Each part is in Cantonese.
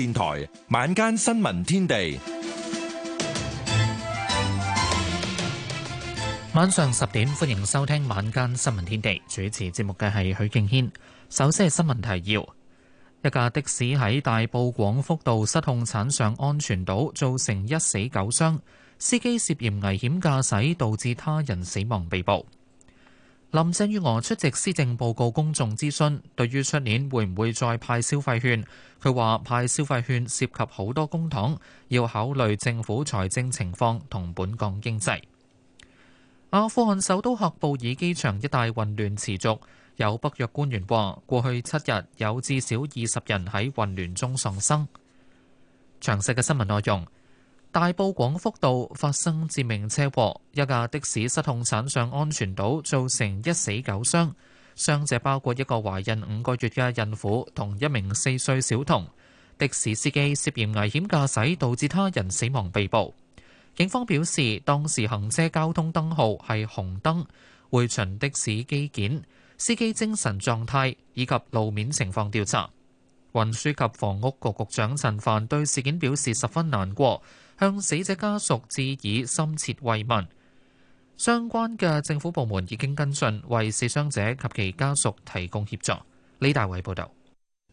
電台晚間新聞天地，晚上十點歡迎收聽晚間新聞天地。主持節目嘅係許敬軒。首先係新聞提要：一架的士喺大埔廣福道失控鏟上安全島，造成一死九傷，司機涉嫌危險駕駛，導致他人死亡，被捕。林鄭月娥出席施政報告公眾諮詢，對於出年會唔會再派消費券，佢話派消費券涉及好多公帑，要考慮政府財政情況同本港經濟。阿富汗首都喀布爾機場一帶混亂持續，有北約官員話，過去七日有至少二十人喺混亂中喪生。詳細嘅新聞內容。大埔廣福道發生致命車禍，一架的士失控鏟上安全島，造成一死九傷。傷者包括一個懷孕五個月嘅孕婦同一名四歲小童。的士司機涉嫌危險駕駛，導致他人死亡，被捕。警方表示，當時行車交通燈號係紅燈，會循的士機件、司機精神狀態以及路面情況調查。運輸及房屋局局長陳帆對事件表示十分難過。向死者家屬致以深切慰問，相關嘅政府部門已經跟進，為死傷者及其家屬提供協助。李大偉報道，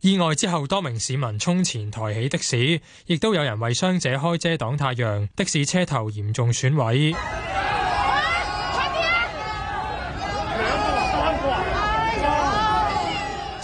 意外之後，多名市民衝前抬起的士，亦都有人為傷者開遮擋太陽，的士車頭嚴重損毀。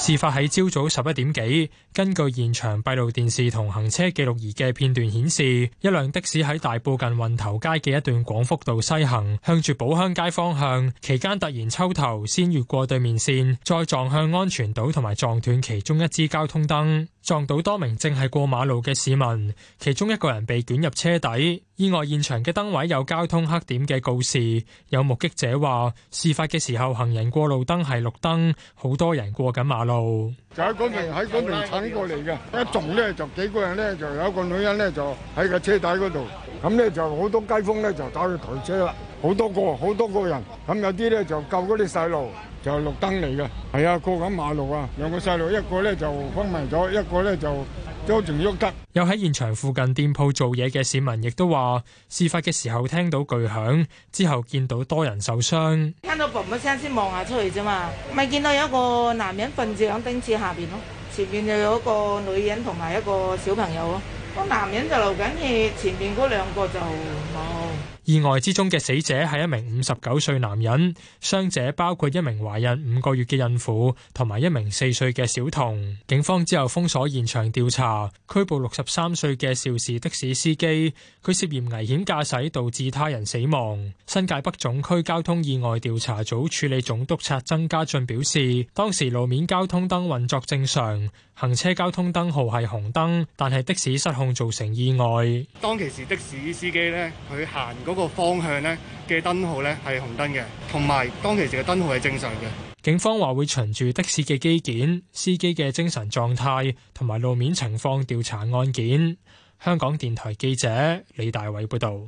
事發喺朝早十一點幾，根據現場閉路電視同行車記錄儀嘅片段顯示，一輛的士喺大埔近運頭街嘅一段廣福道西行，向住寶鄉街方向，期間突然抽頭，先越過對面線，再撞向安全島同埋撞斷其中一支交通燈。撞到多名正係過馬路嘅市民，其中一個人被捲入車底。意外現場嘅燈位有交通黑點嘅告示，有目擊者話，事發嘅時候行人過路燈係綠燈，好多人過緊馬路。就喺嗰邊喺嗰邊撐過嚟嘅，一撞呢，就幾個人呢，就有一個女人呢，就喺個車底嗰度，咁呢，就好多街坊呢，就打去抬車啦。好多個，好多個人，咁有啲咧就救嗰啲細路，就綠燈嚟嘅。係啊，過緊馬路啊，兩個細路，一個咧就昏迷咗，一個咧就都仲喐得。有喺現場附近店鋪做嘢嘅市民亦都話：事發嘅時候聽到巨響，之後見到多人受傷。聽到嘣嘣聲先望下出去啫嘛，咪見到有一個男人瞓住響燈柱下邊咯，前面就有一個女人同埋一個小朋友咯。個男人就流緊血，前面嗰兩個就冇。意外之中嘅死者係一名五十九歲男人，傷者包括一名懷孕五個月嘅孕婦同埋一名四歲嘅小童。警方之後封鎖現場調查，拘捕六十三歲嘅肇事的士司機，佢涉嫌危險駕駛導致他人死亡。新界北總區交通意外調查組處理總督察曾家俊表示，當時路面交通燈運作正常，行車交通燈號係紅燈，但係的士失控造成意外。當其時的士司機咧，佢行過。嗰個方向呢嘅燈號呢係紅燈嘅，同埋當其時嘅燈號係正常嘅。警方話會循住的士嘅機件、司機嘅精神狀態同埋路面情況調查案件。香港電台記者李大偉報導。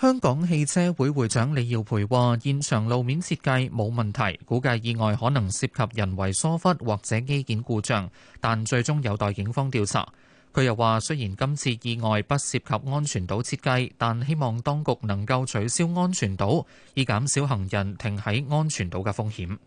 香港汽車會會長李耀培話：現場路面設計冇問題，估計意外可能涉及人為疏忽或者機件故障，但最終有待警方調查。佢又話，雖然今次意外不涉及安全島設計，但希望當局能夠取消安全島，以減少行人停喺安全島嘅風險。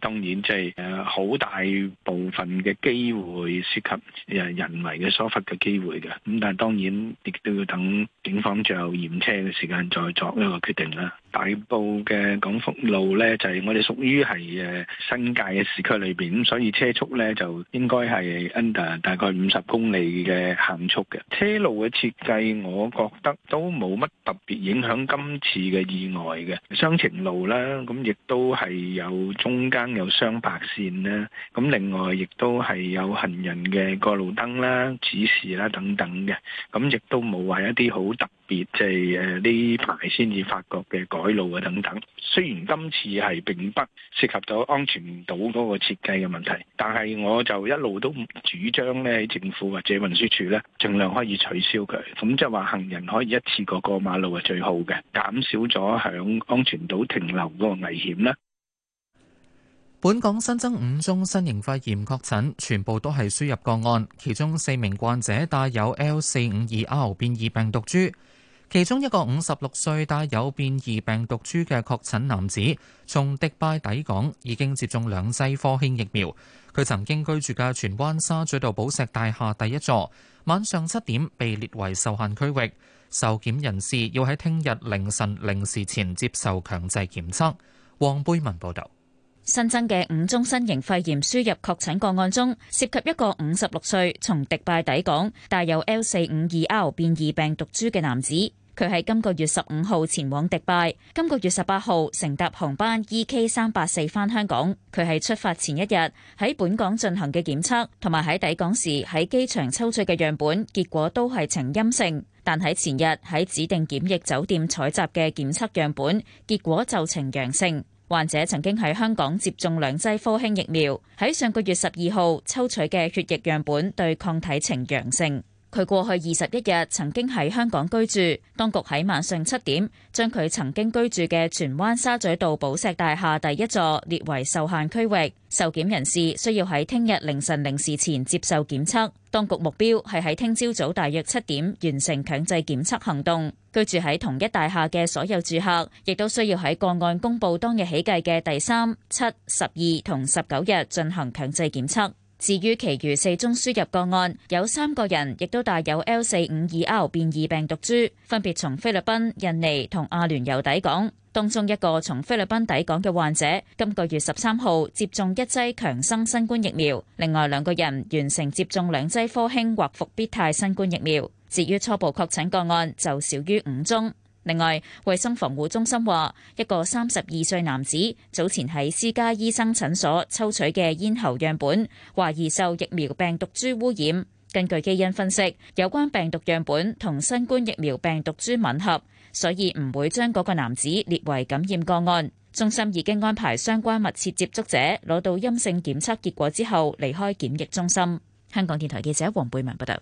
當然，即係誒，好大部分嘅機會涉及誒人為嘅疏忽嘅機會嘅。咁但係當然亦都要等警方最後驗車嘅時間再作一個決定啦。大埔嘅廣福路咧，就係、是、我哋屬於係誒新界嘅市區裏邊，咁所以車速咧就應該係 under 大概五十公里嘅限速嘅。車路嘅設計，我覺得都冇乜特別影響今次嘅意外嘅。雙程路啦，咁亦都係有中間。有雙白線啦。咁另外亦都係有行人嘅過路燈啦、指示啦等等嘅，咁亦都冇話一啲好特別，即係誒呢排先至發覺嘅改路啊等等。雖然今次係並不涉及咗安全島嗰個設計嘅問題，但係我就一路都唔主張咧，政府或者運輸署咧，盡量可以取消佢，咁即係話行人可以一次過過馬路係最好嘅，減少咗響安全島停留嗰個危險啦。本港新增五宗新型肺炎確診，全部都係輸入個案，其中四名患者帶有 L 四五二 R 變異病毒株。其中一個五十六歲帶有變異病毒株嘅確診男子，從迪拜抵港，已經接種兩劑科興疫苗。佢曾經居住嘅荃灣沙咀道寶石大廈第一座，晚上七點被列為受限區域。受檢人士要喺聽日凌晨零時前接受強制檢測。黃貝文報道。新增嘅五宗新型肺炎輸入確診個案中，涉及一個五十六歲從迪拜抵港、帶有 L 四五二 R 變異病毒株嘅男子。佢係今個月十五號前往迪拜，今個月十八號乘搭航班 EK 三八四返香港。佢係出發前一日喺本港進行嘅檢測，同埋喺抵港時喺機場抽取嘅樣本，結果都係呈陰性。但喺前日喺指定檢疫酒店採集嘅檢測樣本，結果就呈陽性。患者曾經喺香港接種兩劑科興疫苗，喺上個月十二號抽取嘅血液樣本對抗體呈陽性。佢過去二十一日曾經喺香港居住，當局喺晚上七點將佢曾經居住嘅荃灣沙咀道寶石大廈第一座列為受限區域，受檢人士需要喺聽日凌晨零時前接受檢測。當局目標係喺聽朝早大約七點完成強制檢測行動。居住喺同一大廈嘅所有住客，亦都需要喺個案公佈當日起計嘅第三、七、十二同十九日進行強制檢測。至於其餘四宗輸入個案，有三個人亦都帶有 L 四五二 R 變異病毒株，分別從菲律賓、印尼同阿聯酋抵港。當中一個從菲律賓抵港嘅患者，今個月十三號接種一劑強生新冠疫苗，另外兩個人完成接種兩劑科興或復必泰新冠疫苗。至於初步確診個案就少於五宗。另外，衛生防護中心話，一個三十二歲男子早前喺私家醫生診所抽取嘅咽喉樣本，懷疑受疫苗病毒株污染。根據基因分析，有關病毒樣本同新冠疫苗病毒株吻合。所以唔會將嗰個男子列為感染個案。中心已經安排相關密切接觸者攞到陰性檢測結果之後離開檢疫中心。香港電台記者黃貝文報道。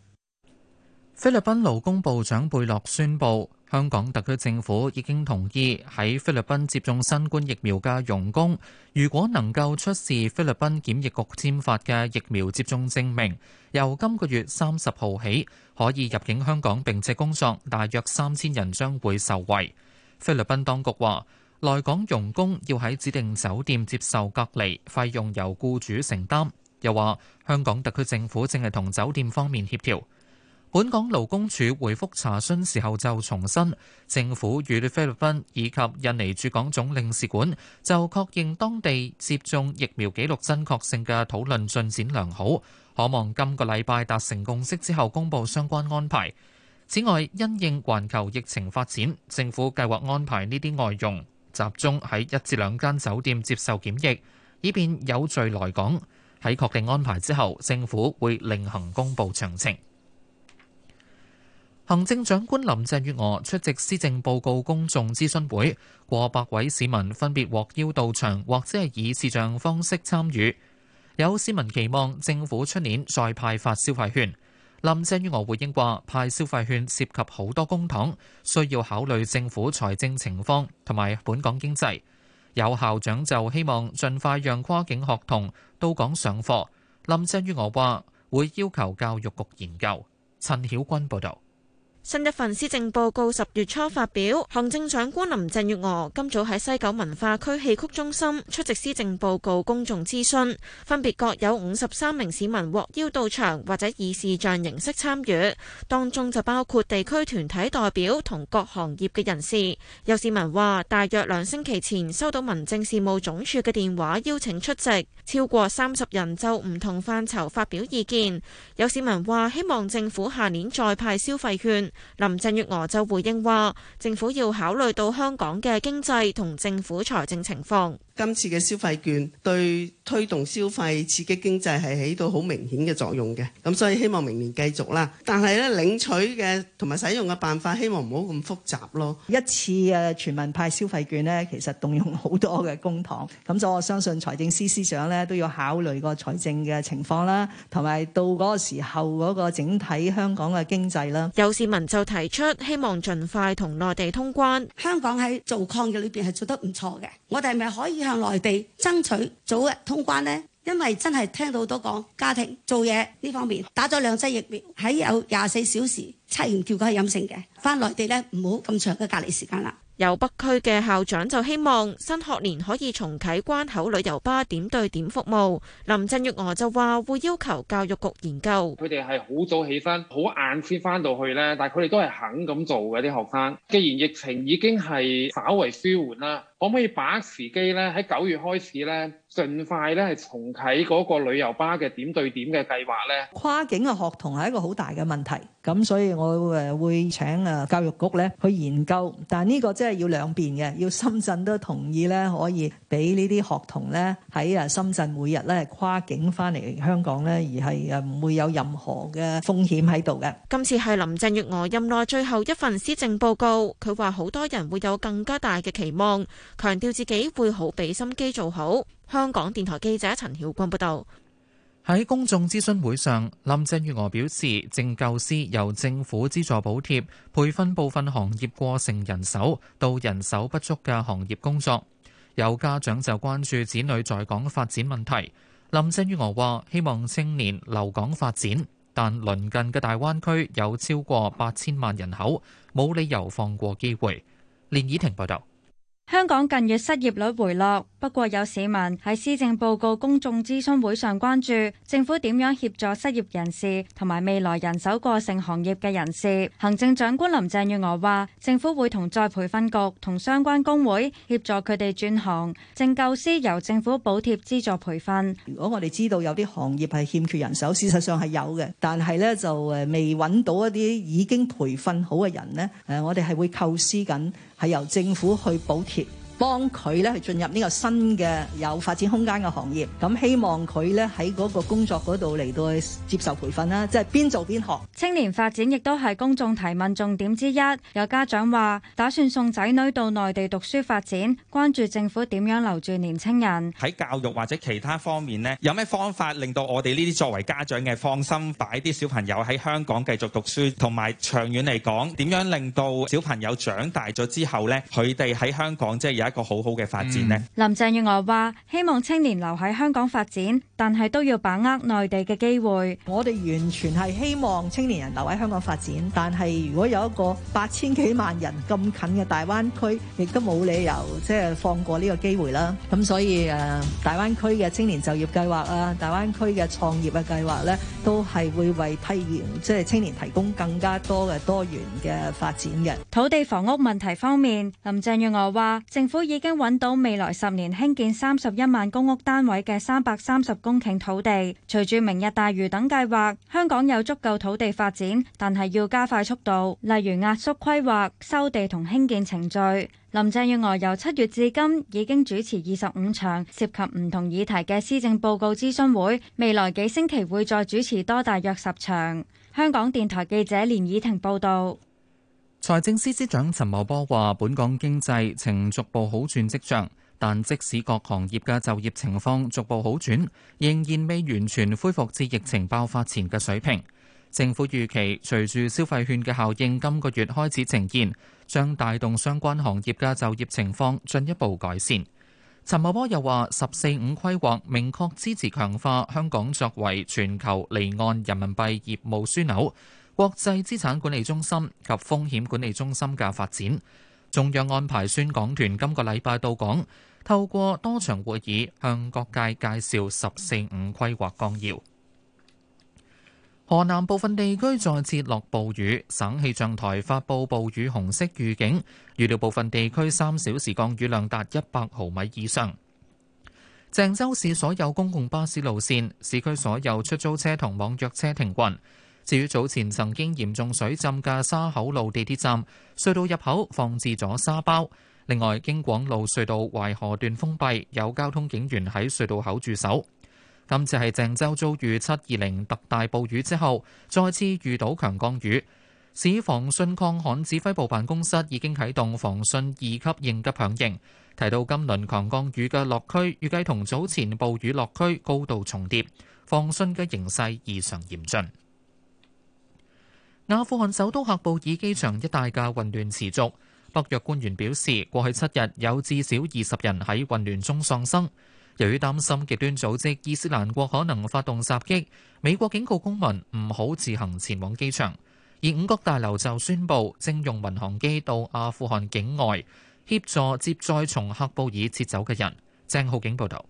菲律賓勞工部長貝洛宣布，香港特區政府已經同意喺菲律賓接種新冠疫苗嘅傭工，如果能夠出示菲律賓檢疫局簽發嘅疫苗接種證明，由今個月三十號起可以入境香港並且工作，大約三千人將會受惠。菲律賓當局話，來港傭工要喺指定酒店接受隔離，費用由僱主承擔。又話香港特區政府正係同酒店方面協調。本港勞工署回覆查詢時候就重申，政府與菲律賓以及印尼駐港總領事館就確認當地接種疫苗記錄真確性嘅討論進展良好，可望今個禮拜達成共識之後公布相關安排。此外，因應環球疫情發展，政府計劃安排呢啲外傭集中喺一至兩間酒店接受檢疫，以便有序來港。喺確定安排之後，政府會另行公布詳情。行政長官林鄭月娥出席施政報告公眾諮詢會，過百位市民分別獲邀到場，或者係以視像方式參與。有市民期望政府出年再派發消費券，林鄭月娥回應話：派消費券涉及好多公帑，需要考慮政府財政情況同埋本港經濟。有校長就希望盡快讓跨境學童到港上課，林鄭月娥話會要求教育局研究。陳曉君報導。新一份施政報告十月初發表，行政長官林鄭月娥今早喺西九文化區戲曲中心出席施政報告公眾諮詢，分別各有五十三名市民獲邀到場或者以視像形式參與，當中就包括地區團體代表同各行業嘅人士。有市民話，大約兩星期前收到民政事務總署嘅電話邀請出席，超過三十人就唔同範疇發表意見。有市民話，希望政府下年再派消費券。林鄭月娥就回應話，政府要考慮到香港嘅經濟同政府財政情況。今次嘅消費券對推動消費刺激經濟係起到好明顯嘅作用嘅，咁所以希望明年繼續啦。但係咧領取嘅同埋使用嘅辦法，希望唔好咁複雜咯。一次嘅全民派消費券咧，其實動用好多嘅公帑，咁所以我相信財政司司長咧都要考慮個財政嘅情況啦，同埋到嗰個時候嗰個整體香港嘅經濟啦。有市民就提出希望盡快同內地通關。香港喺做抗疫嘅裏邊係做得唔錯嘅，我哋係咪可以。向內地爭取早日通關呢，因為真係聽到好多講家庭做嘢呢方面，打咗兩劑疫苗，喺有廿四小時測完結果係陰性嘅，翻內地呢，唔好咁長嘅隔離時間啦。由北區嘅校長就希望新學年可以重啟關口旅遊巴點對點服務。林鄭月娥就話會要求教育局研究。佢哋係好早起身，好晏先翻到去咧，但係佢哋都係肯咁做嘅啲學生。既然疫情已經係稍為舒緩啦。可唔可以把握時機咧？喺九月開始咧，盡快咧係重啟嗰個旅遊巴嘅點對點嘅計劃咧。跨境嘅學童係一個好大嘅問題，咁所以我誒會請誒教育局咧去研究，但係呢個真係要兩邊嘅，要深圳都同意咧，可以俾呢啲學童咧喺啊深圳每日咧跨境翻嚟香港咧，而係誒唔會有任何嘅風險喺度嘅。今次係林鄭月娥任內最後一份施政報告，佢話好多人會有更加大嘅期望。強調自己會好俾心機做好。香港電台記者陳曉君報道，喺公眾諮詢會上，林鄭月娥表示，正教師由政府資助補貼培訓部分行業過剩人手到人手不足嘅行業工作。有家長就關注子女在港發展問題。林鄭月娥話，希望青年留港發展，但鄰近嘅大灣區有超過八千萬人口，冇理由放過機會。連綺婷報道。香港近月失業率回落，不過有市民喺施政報告公眾諮詢會上關注政府點樣協助失業人士同埋未來人手過剩行業嘅人士。行政長官林鄭月娥話，政府會同再培訓局同相關工會協助佢哋轉行，正構思由政府補貼資助培訓。如果我哋知道有啲行業係欠缺人手，事實上係有嘅，但係咧就誒未搵到一啲已經培訓好嘅人咧，誒我哋係會構思緊。係由政府去補貼。幫佢咧去進入呢個新嘅有發展空間嘅行業，咁希望佢咧喺嗰個工作嗰度嚟到接受培訓啦，即係邊做邊學。青年發展亦都係公眾提問重點之一，有家長話打算送仔女到內地讀書發展，關注政府點樣留住年輕人喺教育或者其他方面咧，有咩方法令到我哋呢啲作為家長嘅放心擺啲小朋友喺香港繼續讀書，同埋長遠嚟講點樣令到小朋友長大咗之後咧，佢哋喺香港即係有。一個好好嘅發展咧。林鄭月娥話：希望青年留喺香港發展，但係都要把握內地嘅機會。我哋完全係希望青年人留喺香港發展，但係如果有一個八千幾萬人咁近嘅大灣區，亦都冇理由即係、就是、放過呢個機會啦。咁所以誒、呃，大灣區嘅青年就業計劃啊，大灣區嘅創業嘅計劃咧，都係會為批即係青年提供更加多嘅多元嘅發展嘅。土地房屋問題方面，林鄭月娥話：政府。都已經揾到未來十年興建三十一萬公屋單位嘅三百三十公頃土地。隨住明日大嶼等計劃，香港有足夠土地發展，但係要加快速度，例如壓縮規劃、收地同興建程序。林鄭月娥由七月至今已經主持二十五場涉及唔同議題嘅施政報告諮詢會，未來幾星期會會再主持多大約十場。香港電台記者連以婷報道。財政司司長陳茂波話，本港經濟呈逐步好轉跡象，但即使各行業嘅就業情況逐步好轉，仍然未完全恢復至疫情爆發前嘅水平。政府預期，隨住消費券嘅效應今個月開始呈現，將帶動相關行業嘅就業情況進一步改善。陳茂波又話，十四五規劃明確支持強化香港作為全球離岸人民幣業務樞紐。國際資產管理中心及風險管理中心嘅發展。中央安排宣講團今個禮拜到港，透過多場會議向各界介紹「十四五」規劃綱要。河南部分地區再次落暴雨，省氣象台發佈暴雨紅色預警，預料部分地區三小時降雨量達一百毫米以上。鄭州市所有公共巴士路線、市區所有出租車同網約車停運。至於早前曾經嚴重水浸嘅沙口路地鐵站隧道入口放置咗沙包。另外，京廣路隧道淮河段封閉，有交通警員喺隧道口駐守。今次係鄭州遭遇七二零特大暴雨之後，再次遇到強降雨。市防汛抗旱指揮部辦公室已經啟動防汛二級應急響應。提到今輪強降雨嘅落區，預計同早前暴雨落區高度重疊，防汛嘅形勢異常嚴峻。阿富汗首都喀布爾機場一帶嘅混亂持續。北約官員表示，過去七日有至少二十人喺混亂中喪生。由於擔心極端組織伊斯蘭國可能發動襲擊，美國警告公民唔好自行前往機場。而五角大樓就宣布徵用民航機到阿富汗境外協助接載從喀布爾撤走嘅人。鄭浩景報導。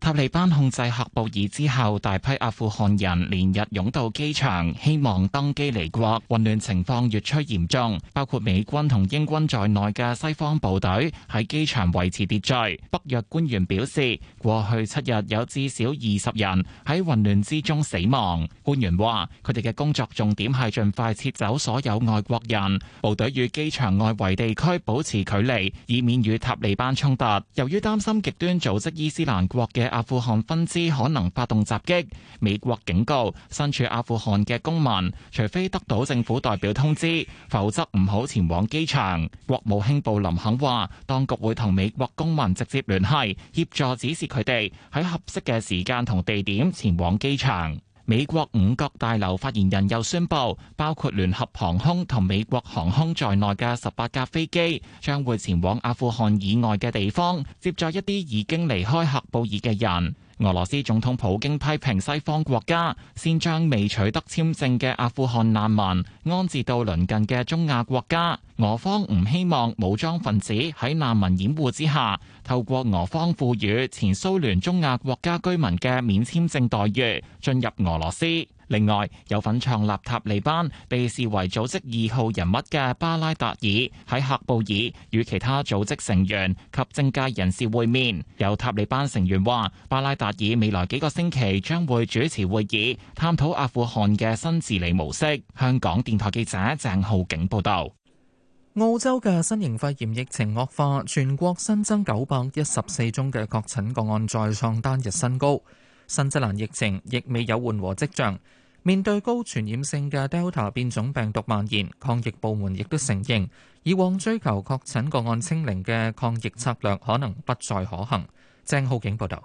塔利班控制喀布爾之後，大批阿富汗人連日湧到機場，希望登機離國。混亂情況越趨嚴重，包括美軍和英軍在內的西方部隊在機場維持秩序。北約官員表示，過去七日有至少二十人在混亂之中死亡。官員話，他們的工作重點係盡快撤走所有外國人，部隊與機場外圍地區保持距離，以免與塔利班衝突。由於擔心極端組織伊斯蘭國的阿富汗分支可能發動襲擊，美國警告身處阿富汗嘅公民，除非得到政府代表通知，否則唔好前往機場。國務卿布林肯話，當局會同美國公民直接聯繫，協助指示佢哋喺合適嘅時間同地點前往機場。美國五角大樓發言人又宣布，包括聯合航空同美國航空在內嘅十八架飛機，將會前往阿富汗以外嘅地方，接載一啲已經離開喀布爾嘅人。俄羅斯總統普京批評西方國家先將未取得簽證嘅阿富汗難民安置到鄰近嘅中亞國家，俄方唔希望武裝分子喺難民掩護之下，透過俄方賦予前蘇聯中亞國家居民嘅免簽證待遇進入俄羅斯。另外，有份創立塔利班被視為組織二號人物嘅巴拉達爾喺喀布爾與其他組織成員及政界人士會面。有塔利班成員話：巴拉達爾未來幾個星期將會主持會議，探討阿富汗嘅新治理模式。香港電台記者鄭浩景報道，澳洲嘅新型肺炎疫情惡化，全國新增九百一十四宗嘅確診個案，再創單日新高。新西蘭疫情亦未有緩和跡象。面對高傳染性嘅 Delta 變種病毒蔓延，抗疫部門亦都承認，以往追求確診個案清零嘅抗疫策略可能不再可行。鄭浩景報導。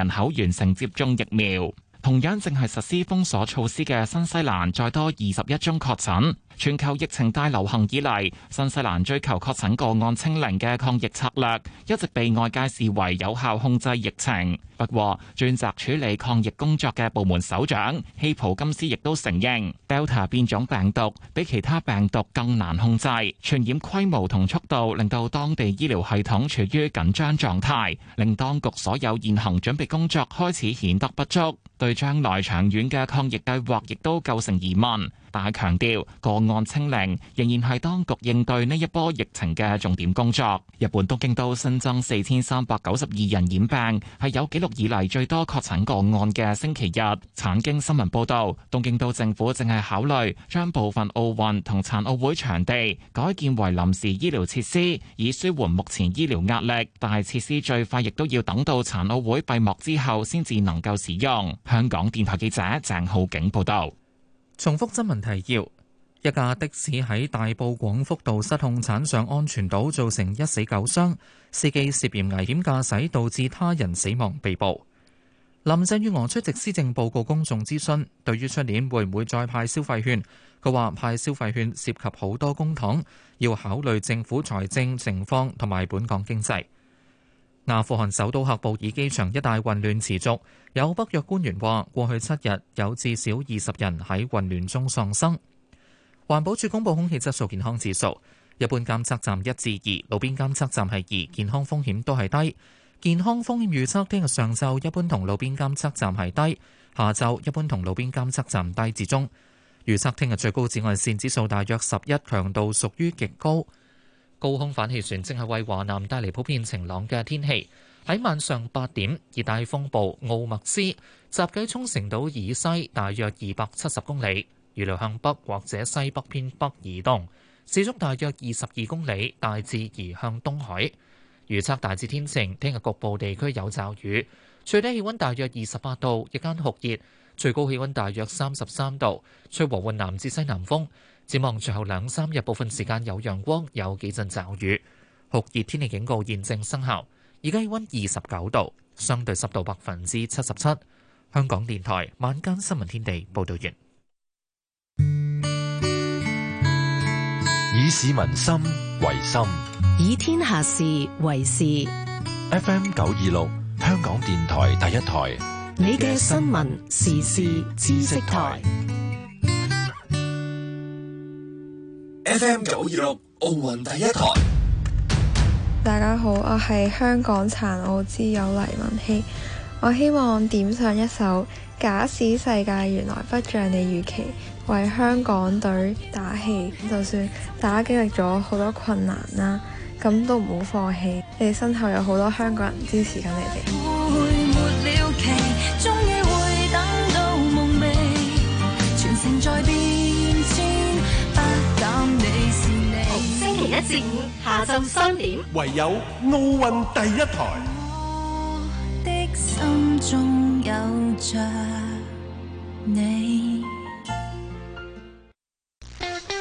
人口完成接種疫苗，同樣正係實施封鎖措施嘅新西蘭，再多二十一宗確診。全球疫情大流行以嚟，新西蘭追求確診個案清零嘅抗疫策略，一直被外界視為有效控制疫情。不過，專責處理抗疫工作嘅部門首長希普金斯亦都承認，Delta 變種病毒比其他病毒更難控制，傳染規模同速度令到當地醫療系統處於緊張狀態，令當局所有現行準備工作開始顯得不足，對將來長遠嘅抗疫計劃亦都構成疑問。但係強調個案案清零仍然係當局應對呢一波疫情嘅重點工作。日本東京都新增四千三百九十二人染病，係有紀錄以嚟，最多確診個案嘅星期日。產經新聞報道，東京都政府正係考慮將部分奧運同殘奧會場地改建為臨時醫療設施，以舒緩目前醫療壓力。但係設施最快亦都要等到殘奧會閉幕之後，先至能夠使用。香港電台記者鄭浩景報道。重複新聞提要。一架的士喺大埔廣福道失控，鏟上安全島，造成一死九傷。司機涉嫌危險駕駛，導致他人死亡，被捕。林鄭月娥出席施政報告公眾諮詢，對於出年會唔會再派消費券，佢話派消費券涉及好多公帑，要考慮政府財政情況同埋本港經濟。阿富汗首都喀布爾機場一帶混亂持續，有北約官員話，過去七日有至少二十人喺混亂中喪生。環保署公布空氣質素健康指數，一般監測站一至二，路邊監測站係二，健康風險都係低。健康風險預測聽日上晝一般同路邊監測站係低，下晝一般同路邊監測站低至中。預測聽日最高紫外線指數大約十一，強度屬於極高。高空反氣旋正係為華南帶嚟普遍晴朗嘅天氣。喺晚上八點，熱帶風暴奧麥斯集結喺沖繩島以西，大約二百七十公里。預料向北或者西北偏北移動，時速大約二十二公里，大致移向東海。預測大致天晴，聽日局部地區有驟雨，最低氣溫大約二十八度，日間酷熱，最高氣溫大約三十三度，吹和緩南至西南風。展望隨後兩三日，部分時間有陽光，有幾陣驟雨。酷熱天氣警告現正生效，而家氣溫二十九度，相對濕度百分之七十七。香港電台晚間新聞天地報道完。以市民心為心，以天下事為事。FM 九二六，香港電台第一台，你嘅新聞時事知識台。FM 九二六，奧運第一台。大家好，我係香港殘奧之友黎文希，我希望點上一首《假使世界原來不像你預期》。為香港隊打氣，就算大家經歷咗好多困難啦，咁都唔好放棄。你哋身後有好多香港人支持緊你哋。全城在變遷，不等你是你。是星期一至五下晝三點，唯有奧運第一台。我的心中有著你。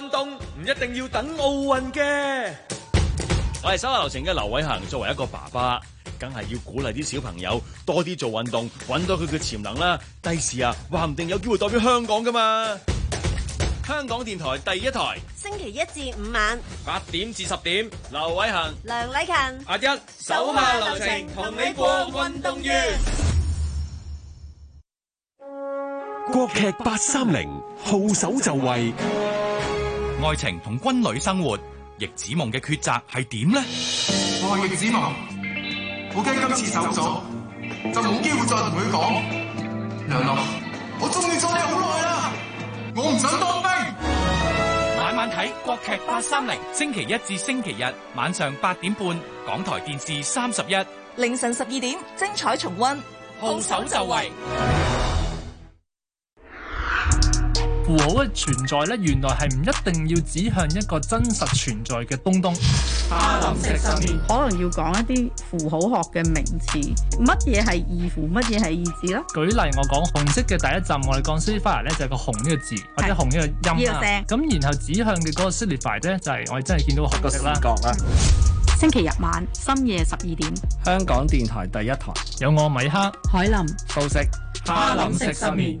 運動唔一定要等奧運嘅，我係手下留情嘅劉偉恒。作為一個爸爸，梗係要鼓勵啲小朋友多啲做運動，搵到佢嘅潛能啦。第時啊，話唔定有機會代表香港㗎嘛。香港電台第一台，星期一至五晚八點至十點，劉偉恒、梁禮勤。阿一，手下留情，同你過運動月。國劇八三零，號手就位。愛情同軍旅生活，逆子夢嘅抉擇係點呢？我係逆子夢，我驚今次走咗就冇機會再同佢講。梁樂，我中意咗你好耐啦，我唔想當兵。慢慢睇國劇八三零，星期一至星期日晚上八點半，港台電視三十一，凌晨十二點精彩重溫，好手就位。符號嘅存在咧，原來係唔一定要指向一個真實存在嘅東東，哈林食失眠可能要講一啲符號學嘅名詞，乜嘢係意符，乜嘢係意字啦。舉例，我講紅色嘅第一站，我哋講 signifier 咧就係、是、個紅呢個字是或者紅呢個音咁，聲然後指向嘅嗰個 signifier 咧就係、是、我哋真係見到個紅色啦。角啊，星期日晚深夜十二點，香港電台第一台有我米克、海林、素食哈林食失眠。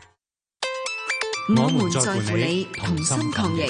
我們在乎你，同心抗疫。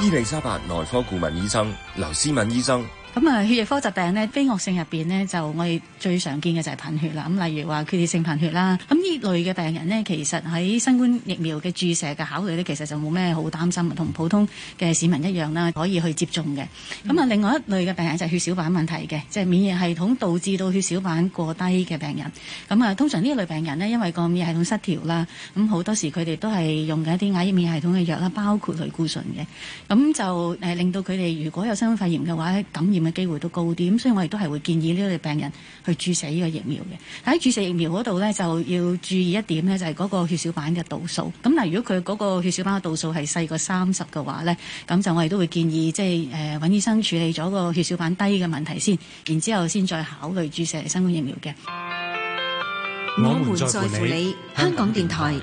伊麗莎白內科顧問醫生，劉思敏醫生。咁啊，血液科疾病呢，非惡性入邊呢，就我哋最常見嘅就係貧血啦。咁例如話缺鐵性貧血啦，咁呢類嘅病人呢，其實喺新冠疫苗嘅注射嘅考慮呢，其實就冇咩好擔心，同普通嘅市民一樣啦，可以去接種嘅。咁啊，另外一類嘅病人就係血小板問題嘅，即係免疫系統導致到血小板過低嘅病人。咁啊，通常呢類病人呢，因為個免疫系統失調啦，咁好多時佢哋都係用緊啲壓抑免疫系統嘅藥啦，包括類固醇嘅。咁就誒令到佢哋如果有新冠肺炎嘅話，感染嘅機會都高啲，咁所以我亦都係會建議呢啲病人去注射呢個疫苗嘅。喺注射疫苗嗰度咧，就要注意一點咧，就係嗰個血小板嘅度數。咁嗱，如果佢嗰個血小板嘅度數係細過三十嘅話咧，咁就我亦都會建議，即係誒搵醫生處理咗個血小板低嘅問題先，然之後先再考慮注射新冠疫苗嘅。我們在乎你，香港電台。